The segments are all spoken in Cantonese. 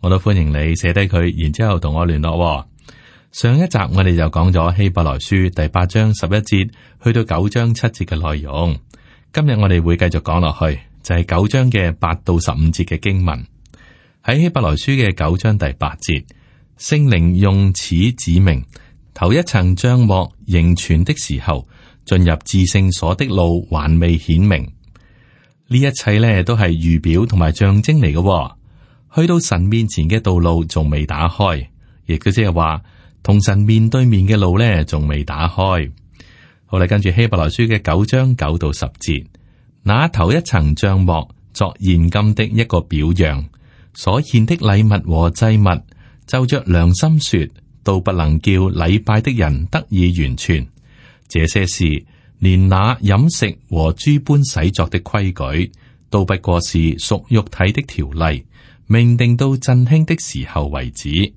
我都歡迎你寫低佢，然之後同我聯絡，哦。上一集我哋就講咗希伯來書第八章十一節去到九章七節嘅內容。今日我哋會繼續講落去，就係、是、九章嘅八到十五節嘅經文。喺希伯來書嘅九章第八節，聖靈用此指明，頭一層帳幕營存的時候，進入至聖所的路還未顯明。呢一切呢，都係預表同埋象徵嚟嘅，哦。去到神面前嘅道路仲未打開，亦佢即係話同神面對面嘅路咧，仲未打開。好啦，跟住希伯來書嘅九章九到十節， 那頭一層帳幕作現今的一個表樣所獻的禮物和祭物，就着良心說，都不能叫禮拜的人得以完全。這些事，連那飲食和諸般洗濯的規矩，都不過是屬肉體的條例。命定到振興的時候為止，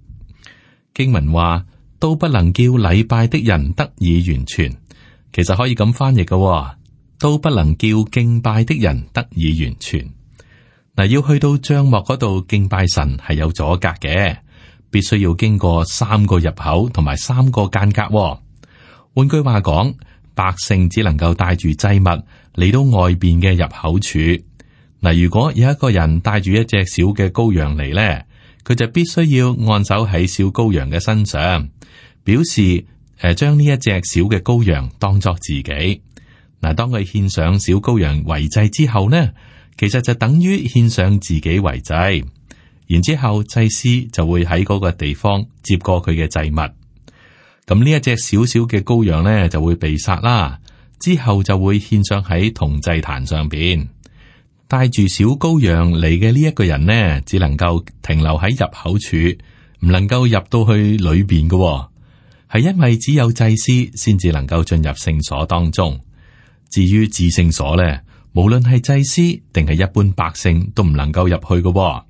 經文話都不能叫禮拜的人得以完全。其實可以咁翻譯嘅喎，都不能叫敬拜的人得以完全。嗱，要去到帳幕嗰度敬拜神係有阻隔嘅，必須要經過三個入口同埋三個間隔喎。換句話講，百姓只能夠帶住祭物嚟到外邊嘅入口處。嗱，如果有一個人帶住一隻小嘅羔羊嚟呢，佢就必須要按手喺小羔羊嘅身上，表示誒，將呢一隻小嘅羔羊當作自己嗱。當佢獻上小羔羊為祭之後呢，其實就等於獻上自己為祭。然之後祭司就會喺嗰個地方接過佢嘅祭物，咁呢一隻小小嘅羔羊呢，就會被殺啦。之後就會獻上喺銅祭壇上邊。帶住小羔羊嚟嘅呢一個人呢，只能夠停留喺入口處，唔能夠入到去裏邊嘅、哦。係因為只有祭司先至能夠進入聖所當中。至於至聖所咧，無論係祭司，定係一般百姓都唔能夠入去嘅、哦。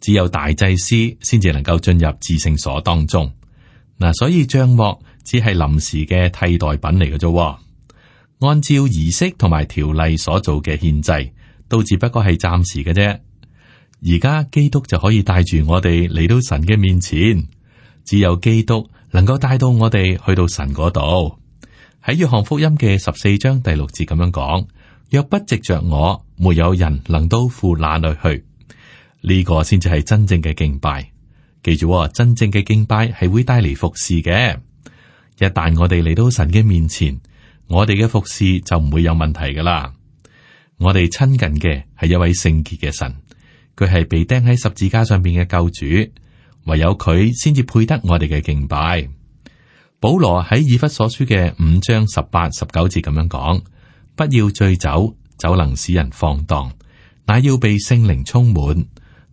只有大祭司先至能夠進入至聖所當中。嗱、啊，所以帳幕只係臨時嘅替代品嚟嘅。啫，按照儀式同埋條例所做嘅憲制。都只不過係暫時嘅啫，而家基督就可以帶住我哋嚟到神嘅面前，只有基督能夠帶到我哋去到神嗰度。喺約翰福音嘅十四章第六節咁樣講：若不藉着我，沒有人能到父那裏去。呢、這個先至係真正嘅敬拜。記住、哦，真正嘅敬拜係會帶嚟服侍嘅。一旦我哋嚟到神嘅面前，我哋嘅服侍就唔會有問題噶啦。我哋親近嘅係一位聖潔嘅神，佢係被釘喺十字架上邊嘅救主，唯有佢先至配得我哋嘅敬拜。保羅喺以弗所書嘅五章十八十九節咁樣講：不要醉酒，酒能使人放蕩，乃要被聖靈充滿，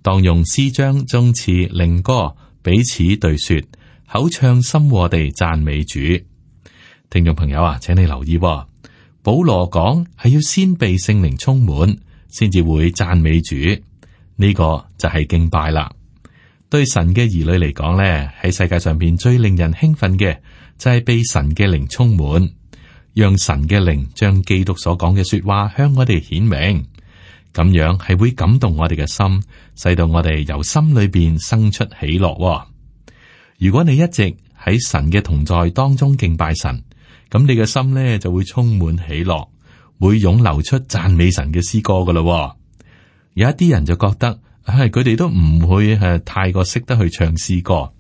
當用詩章、頌詞、靈歌彼此對說，口唱心和地讚美主。聽眾朋友啊，請你留意、哦。保羅講係要先被聖靈充滿，先至會讚美主，呢個就係敬拜啦。對神嘅兒女嚟講呢，喺世界上邊最令人興奮嘅就係被神嘅靈充滿，讓神嘅靈將基督所講嘅說話向我哋顯明，咁樣係會感動我哋嘅心，使到我哋由心裏邊生出喜樂、哦。如果你一直喺神嘅同在當中敬拜神。咁你嘅心咧就會充滿喜樂，會湧流出讚美神嘅詩歌噶啦喎。有一啲人就覺得，係佢哋都唔會係太過識得去唱詩歌，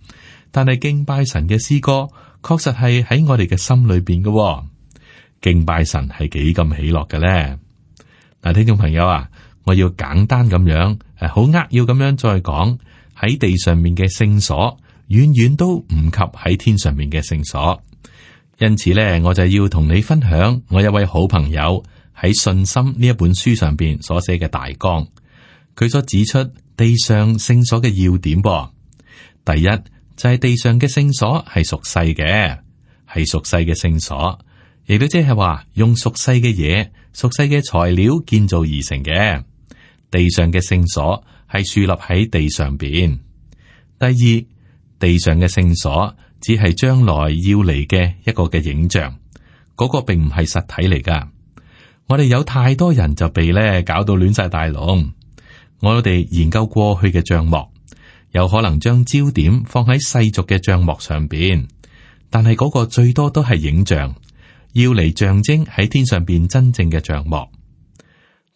但係敬拜神嘅詩歌確實係喺我哋嘅心裏邊嘅喎。敬拜神係幾咁喜樂嘅咧？嗱，聽眾朋友啊，我要簡單咁樣，誒，好扼要咁樣再講，喺地上面嘅聖所，遠遠都唔及喺天上面嘅聖所。因此咧，我就要同你分享我一位好朋友喺《信心》呢一本書上邊所寫嘅大綱。佢所指出地上聖所嘅要點，哦，噃，第一就係、是、地上嘅聖所係屬世嘅，係屬世嘅聖所，亦都即係話用屬世嘅嘢、屬世嘅材料建造而成嘅。地上嘅聖所係樹立喺地上邊。第二，地上嘅聖所。只係將來要嚟嘅一個嘅影像，嗰個並唔係實體嚟噶。我哋有太多人就被咧搞到亂晒大籠。我哋研究過去嘅帳幕，有可能將焦點放喺世俗嘅帳幕上邊，但係嗰個最多都係影像，要嚟象徵喺天上邊真正嘅帳幕。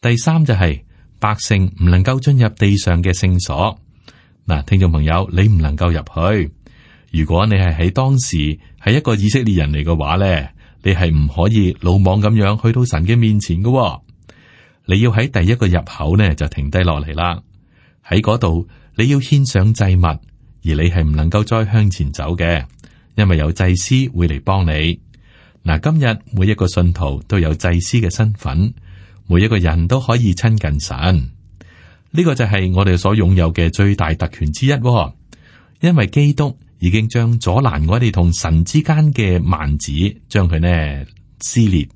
第三就係百姓唔能夠進入地上嘅聖所。嗱，聽眾朋友，你唔能夠入去。如果你係喺當時係一個以色列人嚟嘅話呢，你係唔可以魯莽咁樣去到神嘅面前嘅、哦。你要喺第一個入口呢，就停低落嚟啦。喺嗰度你要獻上祭物，而你係唔能夠再向前走嘅，因為有祭司會嚟幫你嗱。今日每一個信徒都有祭司嘅身份，每一個人都可以親近神。呢、這個就係我哋所擁有嘅最大特權之一、哦，因為基督。已經將阻攔我哋同神之間嘅幔子，將佢呢撕裂。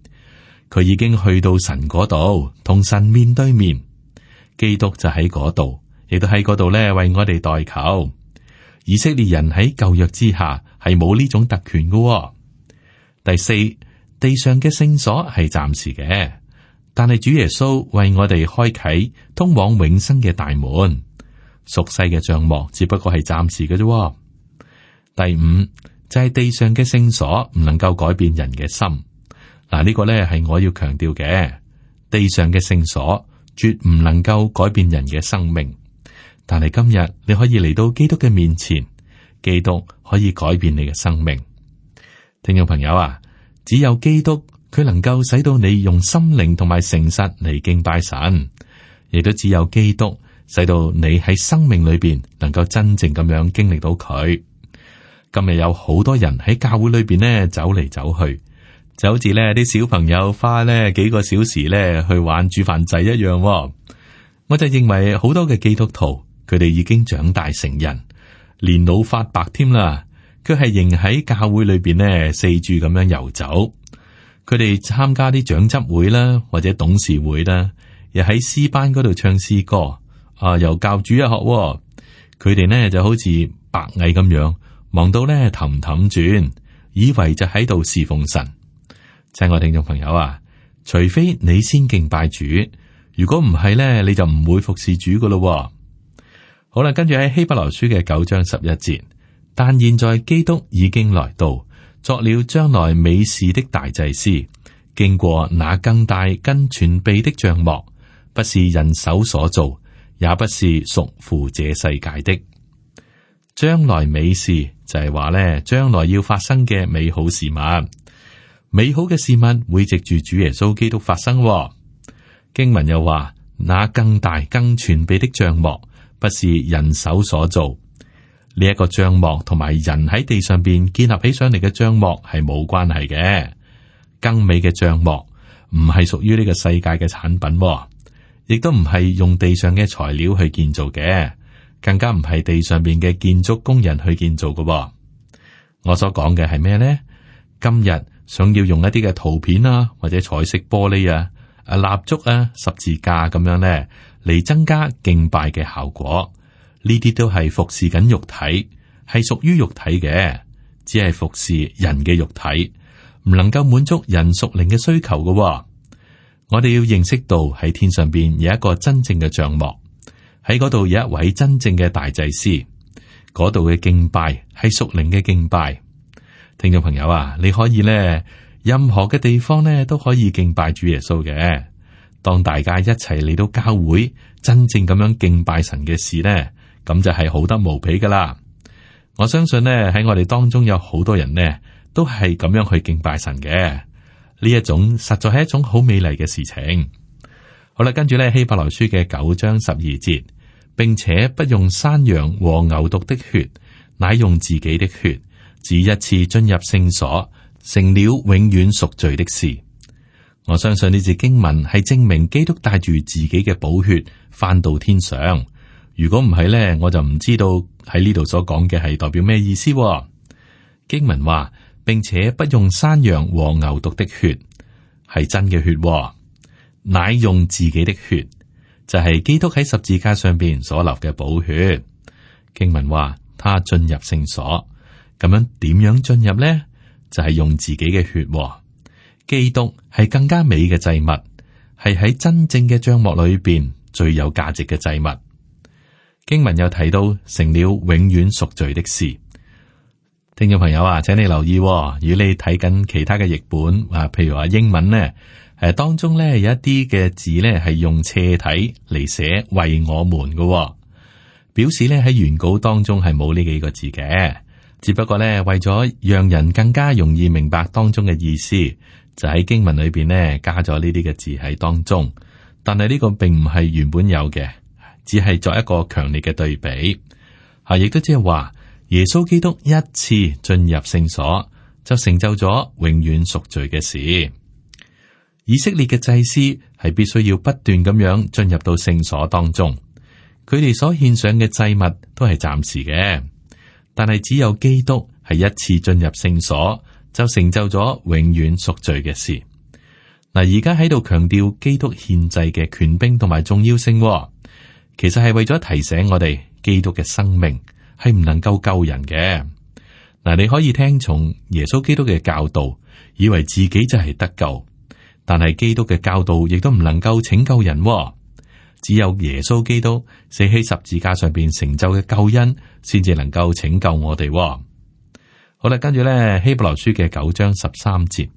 佢已經去到神嗰度，同神面對面。基督就喺嗰度，亦都喺嗰度呢，為我哋代求。以色列人喺舊約之下係冇呢種特權嘅、哦。第四，地上嘅聖所係暫時嘅，但係主耶穌為我哋開啟通往永生嘅大門。熟悉嘅帳幕只不過係暫時嘅啫、哦。第五就係地上嘅聖所唔能夠改變人嘅心，嗱，呢個咧係我要強調嘅。地上嘅聖所絕唔能夠改變人嘅生命，但係今日你可以嚟到基督嘅面前，基督可以改變你嘅生命。聽眾朋友啊，只有基督佢能夠使到你用心靈同埋誠實嚟敬拜神，亦都只有基督使到你喺生命裏邊能夠真正咁樣經歷到佢。今日有好多人喺教會裏邊咧走嚟走去，就好似咧啲小朋友花咧幾個小時咧去玩煮飯仔一樣。我就認為好多嘅基督徒佢哋已經長大成人，年老髮白添啦，佢係仍喺教會裏邊咧四處咁樣游走。佢哋參加啲掌執會啦，或者董事會啦，又喺詩班嗰度唱詩歌啊，由教主一學。佢哋咧就好似白蟻咁樣。忙到呢氹氹轉，以為就喺度侍奉神。親愛的聽眾朋友啊，除非你先敬拜主，如果唔係呢，你就唔會服侍主噶咯。好啦，跟住喺希伯來書嘅九章十一節，但現在基督已經來到，作了將來美事的大祭司，經過那更大跟全備的帳幕，不是人手所造，也不是屬乎這世界的。將來美事就係話咧，將來要發生嘅美好事物，美好嘅事物會藉住主耶穌基督發生。經文又話，那更大更全備的帳幕不是人手所做，呢一個帳幕同埋人喺地上邊建立起上嚟嘅帳幕係冇關係嘅，更美嘅帳幕唔係屬於呢個世界嘅產品，亦都唔係用地上嘅材料去建造嘅。更加唔係地上邊嘅建築工人去建造嘅。哦，我所講嘅係咩呢？今日想要用一啲嘅圖片啊，或者彩色玻璃啊、啊蠟燭啊、十字架咁、啊、樣咧，嚟增加敬拜嘅效果。呢啲都係服侍緊肉體，係屬於肉體嘅，只係服侍人嘅肉體，唔能夠滿足人屬靈嘅需求嘅。哦，我哋要認識到喺天上邊有一個真正嘅帳幕。喺嗰度有一位真正嘅大祭司，嗰度嘅敬拜係屬靈嘅敬拜。聽眾朋友啊，你可以咧，任何嘅地方咧都可以敬拜主耶穌嘅。當大家一齊嚟到教會，真正咁樣敬拜神嘅事咧，咁就係好得無比噶啦。我相信咧喺我哋當中有好多人咧，都係咁樣去敬拜神嘅。呢一種實在係一種好美麗嘅事情。好啦，跟住呢希伯來書嘅九章十二節，並且不用山羊和牛犢的血，乃用自己的血，只一次進入聖所，成了永遠贖罪的事。我相信呢節經文係證明基督帶住自己嘅寶血翻到天上。如果唔係呢，我就唔知道喺呢度所講嘅係代表咩意思。經文話，並且不用山羊和牛犢的血，係真嘅血。乃用自己的血，就係、是、基督喺十字架上邊所立嘅寶血。經文話，他進入聖所，咁樣點樣進入呢？就係、是、用自己嘅血。基督係更加美嘅祭物，係喺真正嘅帳幕裏邊最有價值嘅祭物。經文又提到，成了永遠贖罪的事。聽眾朋友啊，請你留意、哦，如果你睇緊其他嘅譯本啊，譬如話英文呢？誒，當中咧有一啲嘅字咧係用斜體嚟寫為我們嘅哦，表示咧喺原稿當中係冇呢幾個字嘅，只不過咧為咗讓人更加容易明白當中嘅意思，就喺經文裏邊咧加咗呢啲嘅字喺當中，但係呢個並唔係原本有嘅，只係作一個強烈嘅對比，啊，亦都即係話耶穌基督一次進入聖所，就成就咗永遠贖罪嘅事。以色列嘅祭司係必須要不斷咁樣進入到聖所當中，佢哋所獻上嘅祭物都係暫時嘅。但係只有基督係一次進入聖所，就成就咗永遠贖罪嘅事。嗱，而家喺度強調基督獻祭嘅權柄同埋重要性，其實係為咗提醒我哋，基督嘅生命係唔能夠救人嘅。嗱，你可以聽從耶穌基督嘅教導，以為自己就係得救。但係基督嘅教導亦都唔能夠拯救人、哦，只有耶穌基督死喺十字架上邊成就嘅救恩，先至能夠拯救我哋、哦。好啦，跟住咧希伯來書嘅九章十三節，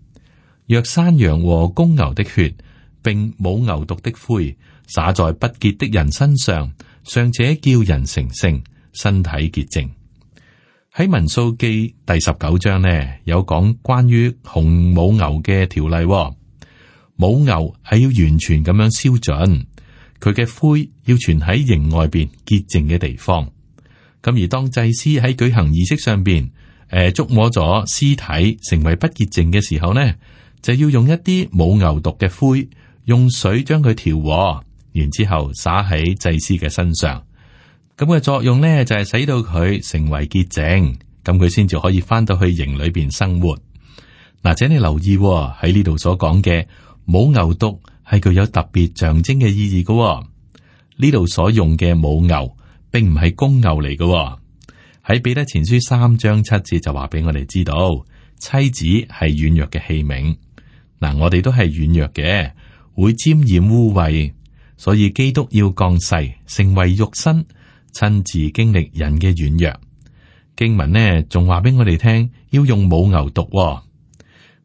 若山羊和公牛的血，並母牛犢的灰灑在不潔的人身上，尚且叫人成聖，身體潔淨。喺民數記第十九章呢，有講關於紅母牛嘅條例、哦。母牛係要完全咁樣燒准，佢嘅灰要存喺營外邊潔淨嘅地方。咁而當祭司喺舉行儀式上邊，誒、呃，觸摸咗屍體成為不潔淨嘅時候呢，就要用一啲母牛毒嘅灰，用水將佢調和，然之後灑喺祭司嘅身上。咁、這、嘅、個、作用呢，就係、是、使到佢成為潔淨，咁佢先至可以翻到去營裏邊生活。嗱、啊，請你留意喺呢度所講嘅，母牛犢係具有特別象徵嘅意義嘅、哦。呢度所用嘅母牛並唔係公牛嚟嘅、哦。喺彼得前書三章七節就話俾我哋知道，妻子係軟弱嘅器皿。嗱，我哋都係軟弱嘅，會沾染污穢，所以基督要降世成為肉身，親自經歷人嘅軟弱。經文呢仲話俾我哋聽要用母牛犢、哦，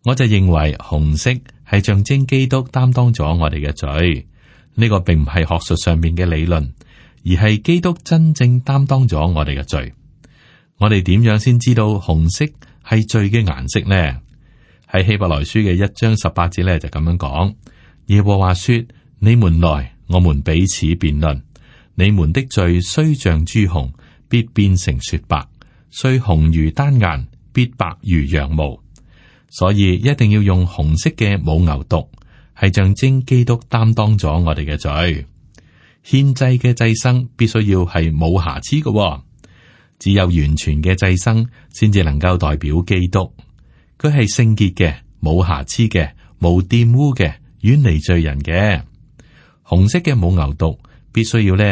我就認為紅色。係象徵基督擔當咗我哋嘅罪，呢、這個並唔係學術上面嘅理論，而係基督真正擔當咗我哋嘅罪。我哋點樣先知道紅色係罪嘅顏色呢？喺希伯來書嘅一章十八節咧就咁樣講：耶和華說，你們來，我們彼此辯論，你們的罪雖像朱紅，必變成雪白；雖紅如丹顏，必白如羊毛。所以一定要用紅色嘅母牛犢，係象徵基督擔當咗我哋嘅罪。獻祭嘅祭牲必須要係冇瑕疵嘅。哦，只有完全嘅祭牲先至能夠代表基督。佢係聖潔嘅，冇瑕疵嘅，冇玷污嘅，遠離罪人嘅。紅色嘅母牛犢必須要呢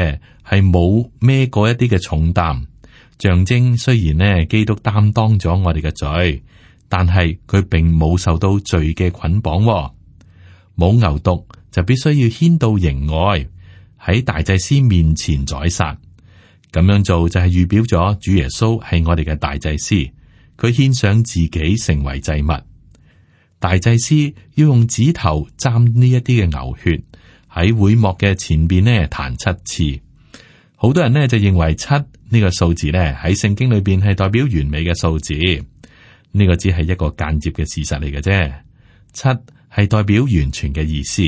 係冇孭過一啲嘅重擔，象徵雖然呢，基督擔當咗我哋嘅罪，但係佢並冇受到罪嘅捆綁，哦，冇牛犢就必須要牽到營外喺大祭司面前宰殺。咁樣做就係預表咗主耶穌係我哋嘅大祭司，佢獻上自己成為祭物。大祭司要用指頭沾呢一啲嘅牛血喺會幕嘅前邊呢彈七次。好多人呢就認為七呢個數字呢，喺聖經裏邊係代表完美嘅數字。呢個只係一個間接嘅事實嚟嘅啫。七係代表完全嘅意思。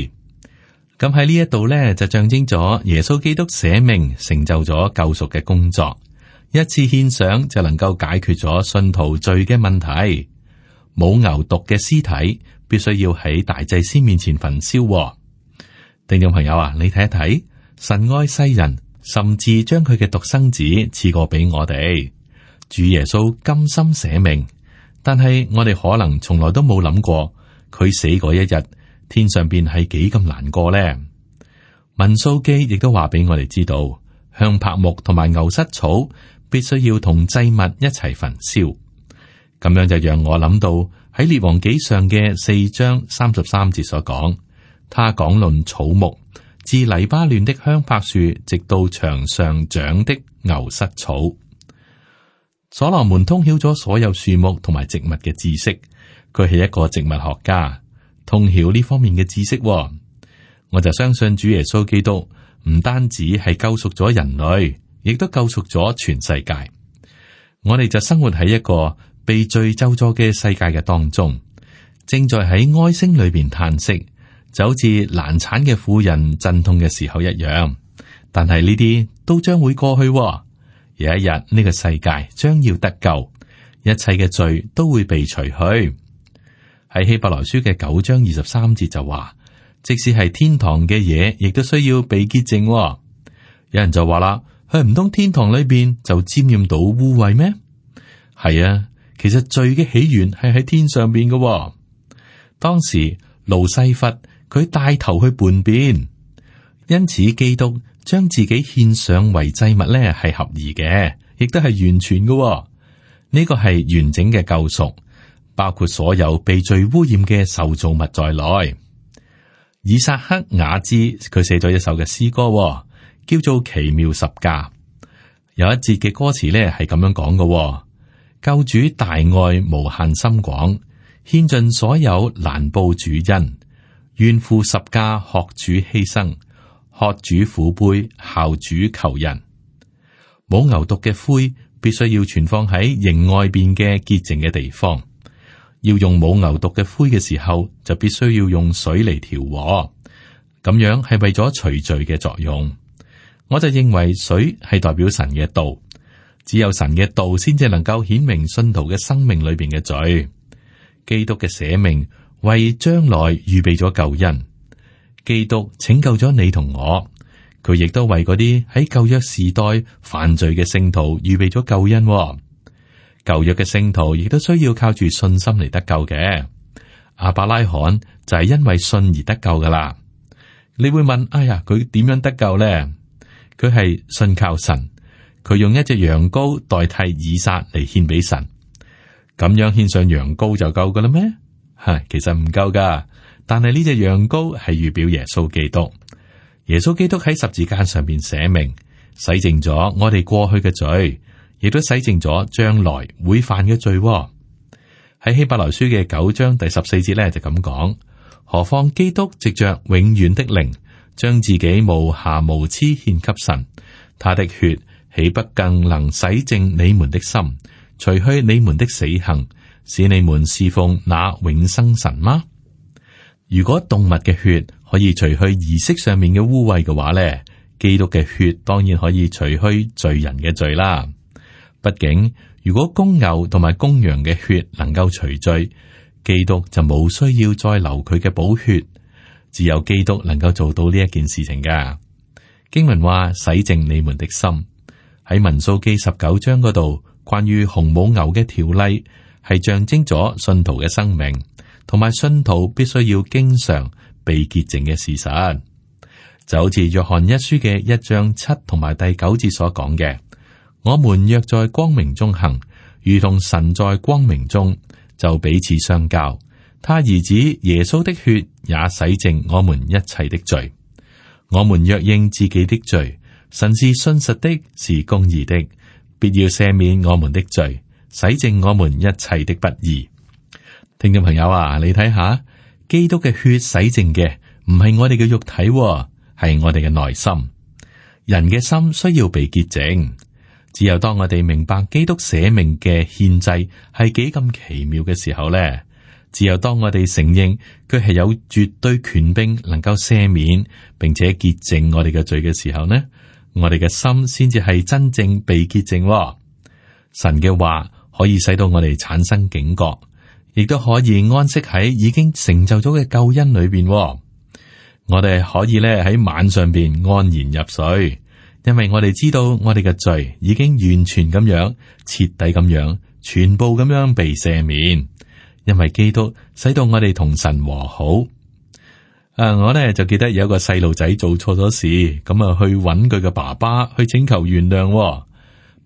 咁喺呢一度呢，就象徵咗耶穌基督捨命成就咗救贖嘅工作。一次獻上就能夠解決咗信徒罪嘅問題。冇牛犢嘅屍體必須要喺大祭司面前焚燒哦。聽眾朋友啊，你睇一睇神愛世人，甚至將佢嘅獨生子賜過俾我哋主耶穌，甘心捨命。但係我哋可能從來都冇諗過佢死嗰一日天，天上邊係幾咁難過呢？民數記亦都話俾我哋知道，香柏木同埋牛膝草必須要同祭物一齊焚燒，咁樣就讓我諗到喺列王紀上嘅四章三十三節所講，他講論草木，自黎巴嫩的香柏樹，直到牆上長的牛膝草。所羅門通曉咗所有樹木同埋植物嘅知識，佢係一個植物學家，通曉呢方面嘅知識、哦。我就相信主耶穌基督唔單止係救贖咗人類，亦都救贖咗全世界。我哋就生活喺一個被罪咒咗嘅世界嘅當中，正在喺哀聲裏邊嘆息，就好似難產嘅婦人陣痛嘅時候一樣。但係呢啲都將會過去、哦。有一日呢、這個世界將要得救，一切嘅罪都會被除去。喺希伯來書嘅九章二十三節就話，即使係天堂嘅嘢，亦都需要被潔淨、哦。有人就話啦，去唔通天堂裏邊就沾染到污穢咩？係啊，其實罪嘅起源係喺天上邊嘅、哦。當時路西弗佢帶頭去叛變，因此基督。將自己獻上為祭物咧，係合宜嘅，亦都係完全嘅、哦。呢、這個係完整嘅救贖，包括所有被罪污染嘅受造物在內。以撒克雅茲佢寫咗一首嘅詩歌、哦，叫做《奇妙十架》，有一節嘅歌詞咧係咁樣講嘅、哦：救主大愛無限深廣，獻盡所有難報主恩，願負十架學主犧牲。學主父輩效主求人。母牛犢嘅灰必須要存放喺營外邊嘅潔淨嘅地方。要用母牛犢嘅灰嘅時候，就必須要用水嚟調和，咁樣係為咗除罪嘅作用。我就認為水係代表神嘅道，只有神嘅道先至能夠顯明信徒嘅生命裏邊嘅罪。基督嘅捨命為將來預備咗救恩。基督拯救咗你同我，佢亦都為嗰啲喺舊約時代犯罪嘅聖徒預備咗救恩。舊約嘅聖徒亦都需要靠住信心嚟得救嘅。亞伯拉罕就係因為信而得救噶啦。你會問：哎呀，佢點樣得救呢？佢係信靠神，佢用一隻羊羔代替以撒嚟獻俾神。咁樣獻上羊羔就夠噶啦咩？係其實唔夠噶。但係呢隻羊羔係預表耶穌基督。耶穌基督喺十字架上邊寫明，洗淨咗我哋過去嘅罪，亦都洗淨咗將來會犯嘅罪、哦。喺希伯來書嘅九章第十四節呢，就咁講。何況基督藉着永遠的靈，將自己無瑕無疵獻給神，他的血豈不更能洗淨你們的心，除去你們的死行，使你們侍奉那永生神嗎？如果動物嘅血可以除去儀式上面嘅污穢嘅話呢，基督嘅血當然可以除去罪人嘅罪啦。畢竟，如果公牛同埋公羊嘅血能夠除罪，基督就冇需要再流佢嘅寶血，只有基督能夠做到呢一件事情噶。經文話洗淨你們的心喺民數記十九章嗰度，關於紅母牛嘅條例係象徵咗信徒嘅生命。同埋信徒必須要經常被潔淨嘅事實，就好似約翰一書嘅一章七同埋第九節所講嘅：我們若在光明中行，如同神在光明中，就彼此相交；他兒子耶穌的血也洗淨我們一切的罪。我們若認自己的罪，神是信實的，是公義的，必要赦免我們的罪，洗淨我們一切的不義。聽眾朋友啊，你睇下基督嘅血洗淨嘅，唔係我哋嘅肉體喎，係我哋嘅內心。人嘅心需要被潔淨。只有當我哋明白基督捨命嘅獻祭係幾咁奇妙嘅時候咧，只有當我哋承認佢係有絕對權柄能夠赦免，並且潔淨我哋嘅罪嘅時候呢，我哋嘅心先至係真正被潔淨喎。神嘅話可以使到我哋產生警覺。亦都可以安息喺已經成就咗嘅救恩裏邊。我哋可以咧喺晚上邊安然入睡，因為我哋知道我哋嘅罪已經完全咁樣徹底咁樣全部咁樣被赦免，因為基督使到我哋同神和好。誒、啊，我呢就記得有個細路仔做錯咗事，咁啊去揾佢嘅爸爸去請求原諒。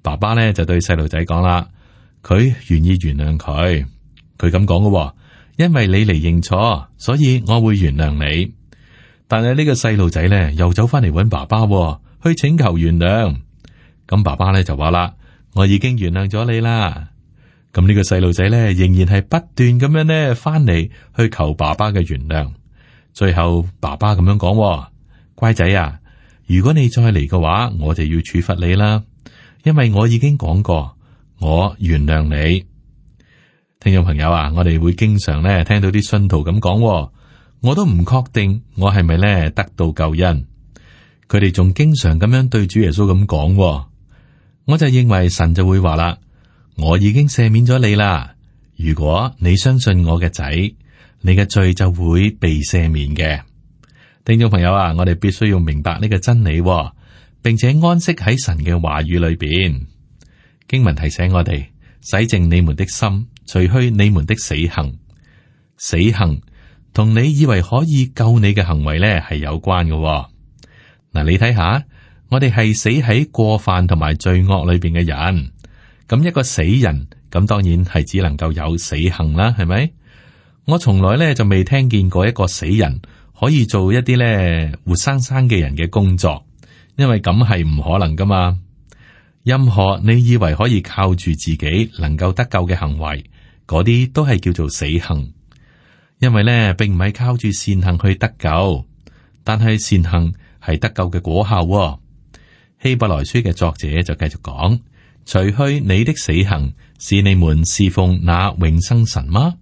爸爸呢就對細路仔講啦，佢願意原諒佢。佢咁講嘅，因為你嚟認錯，所以我會原諒你。但係呢個細路仔咧，又走翻嚟揾爸爸去請求原諒。咁爸爸咧就話啦：我已經原諒咗你啦。咁呢個細路仔咧，仍然係不斷咁樣咧翻嚟去求爸爸嘅原諒。最後爸爸咁樣講：乖仔啊，如果你再嚟嘅話，我就要處罰你啦。因為我已經講過，我原諒你。聽眾朋友啊，我哋會經常咧聽到啲信徒咁講，我都唔確定我係咪咧得到救恩。佢哋仲經常咁樣對主耶穌咁講，我就認為神就會話啦：我已經赦免咗你啦。如果你相信我嘅仔，你嘅罪就會被赦免嘅。聽眾朋友啊，我哋必須要明白呢個真理，並且安息喺神嘅話語裏邊。經文提醒我哋洗淨你們的心。除去你們的死行，死行同你以為可以救你嘅行為咧係有關嘅，哦。嗱，啊，你睇下，我哋係死喺過犯同埋罪惡裏邊嘅人，咁一個死人咁，當然係只能夠有死行啦，係咪？我從來呢就未聽見過一個死人可以做一啲呢活生生嘅人嘅工作，因為咁係唔可能噶嘛。任何你以為可以靠住自己能夠得救嘅行為。嗰啲都係叫做死行，因為咧並唔係靠住善行去得救，但係善行係得救嘅果效喎。希伯來書嘅作者就繼續講：除去你的死行，是你們侍奉那永生神嗎？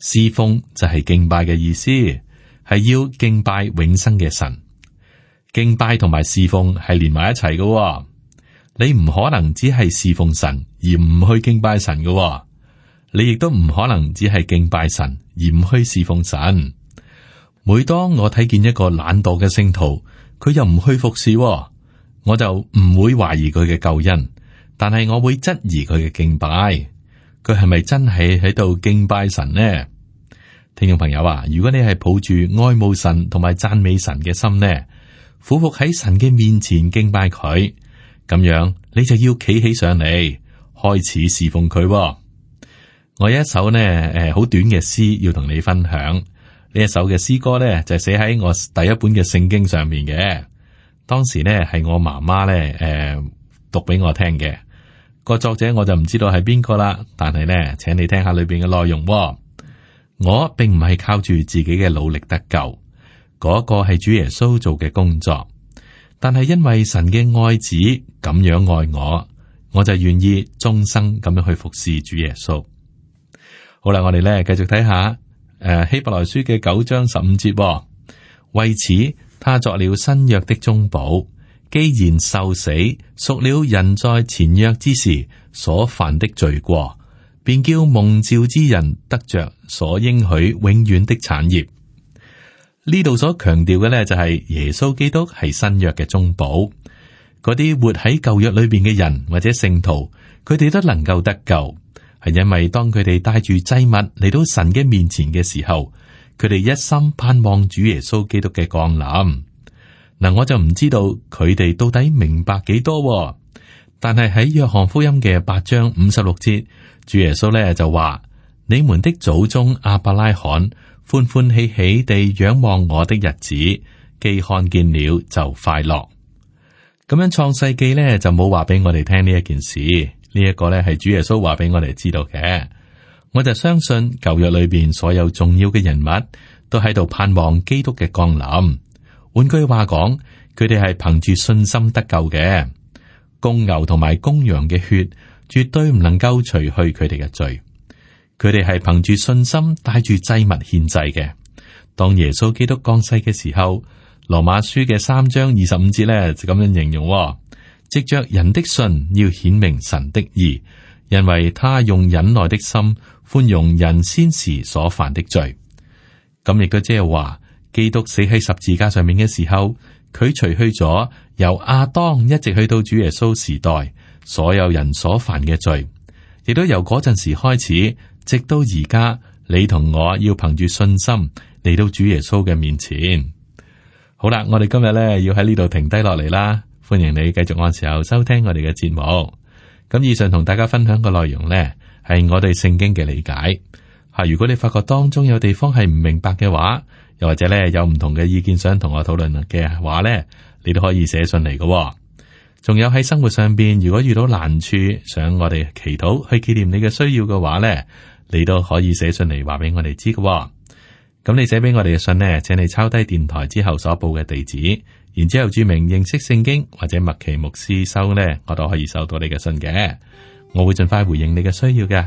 侍奉就係敬拜嘅意思，係要敬拜永生嘅神。敬拜同埋侍奉係連埋一齊嘅喎，你唔可能只係侍奉神而唔去敬拜神嘅喎。你亦都唔可能只係敬拜神而唔去侍奉神。每當我睇見一個懶惰嘅聖徒，佢又唔去服侍、哦，我就唔會懷疑佢嘅救恩，但係我會質疑佢嘅敬拜，佢係咪真係喺度敬拜神呢？聽眾朋友啊，如果你係抱住愛慕神同埋讚美神嘅心呢，俯伏喺神嘅面前敬拜佢，咁樣你就要企起上嚟，開始侍奉佢、哦。我有一首呢，誒、呃，好短嘅詩要同你分享。呢一首嘅詩歌呢，就寫、是、喺我第一本嘅聖經上面嘅。當時媽媽呢，係我媽媽呢誒，讀俾我聽嘅。個作者我就唔知道係邊個啦，但係呢，請你聽下裏邊嘅內容、哦。我並唔係靠住自己嘅努力得救，嗰、個係主耶穌做嘅工作。但係因為神嘅愛子咁樣愛我，我就願意終生咁樣去服侍主耶穌。好啦，我哋咧繼續睇下誒希伯來書嘅九章十五節，哦，為此他作了新約的中保。既然受死，贖了人在前約之時所犯的罪過，便叫蒙召之人得着所應許永遠的產業。呢度所強調嘅呢，就係耶穌基督係新約嘅中保，嗰啲活喺舊約裏邊嘅人或者聖徒，佢哋都能夠得救。係因為當佢哋帶住祭物嚟到神嘅面前嘅時候，佢哋一心盼望主耶穌基督嘅降臨。嗱，我就唔知道佢哋到底明白幾多。但係喺約翰福音嘅八章五十六節，主耶穌咧就話：你們的祖宗亞伯拉罕歡歡喜喜地仰望我的日子，既看見了就快樂。咁樣創世記咧就冇話俾我哋聽呢一件事。呢一個咧係主耶穌話俾我哋知道嘅。我就相信舊約裏邊所有重要嘅人物都喺度盼望基督嘅降臨。換句話講，佢哋係憑住信心得救嘅。公牛同埋公羊嘅血絕對唔能夠除去佢哋嘅罪，佢哋係憑住信心帶住祭物獻祭嘅。當耶穌基督降世嘅時候，《羅馬書》嘅三章二十五節咧就咁樣形容。藉着人的信，要顯明神的義，因為他用忍耐的心，寬容人先時所犯的罪。咁亦都即係話，基督死喺十字架上面嘅時候，佢除去咗由亞當一直去到主耶穌時代所有人所犯嘅罪，亦都由嗰陣時開始，直到而家，你同我要憑住信心嚟到主耶穌嘅面前。好啦，我哋今日咧要喺呢度停低落嚟啦。歡迎你繼續按時候收聽我哋嘅節目。咁以上同大家分享嘅內容呢，係我對聖經嘅理解吓。如果你發覺當中有地方係唔明白嘅話，又或者咧有唔同嘅意見想同我討論嘅話呢，你都可以寫信嚟嘅。仲有喺生活上邊，如果遇到難處，想我哋祈禱去紀念你嘅需要嘅話呢，你都可以寫信嚟話俾我哋知嘅。咁你寫俾我哋嘅信呢，請你抄低電台之後所報嘅地址。然之後注明認識聖經或者麥奇牧師收呢，我都可以收到你嘅信嘅，我會盡快回應你嘅需要嘅。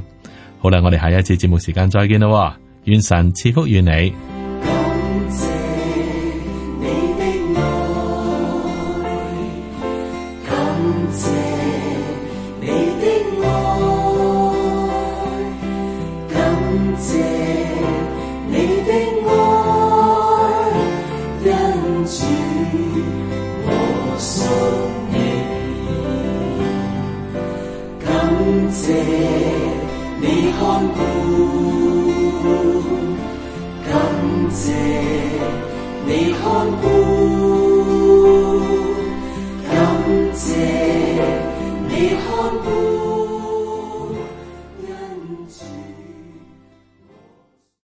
好啦，我哋下一次節目時間再見啦，願神賜福與你。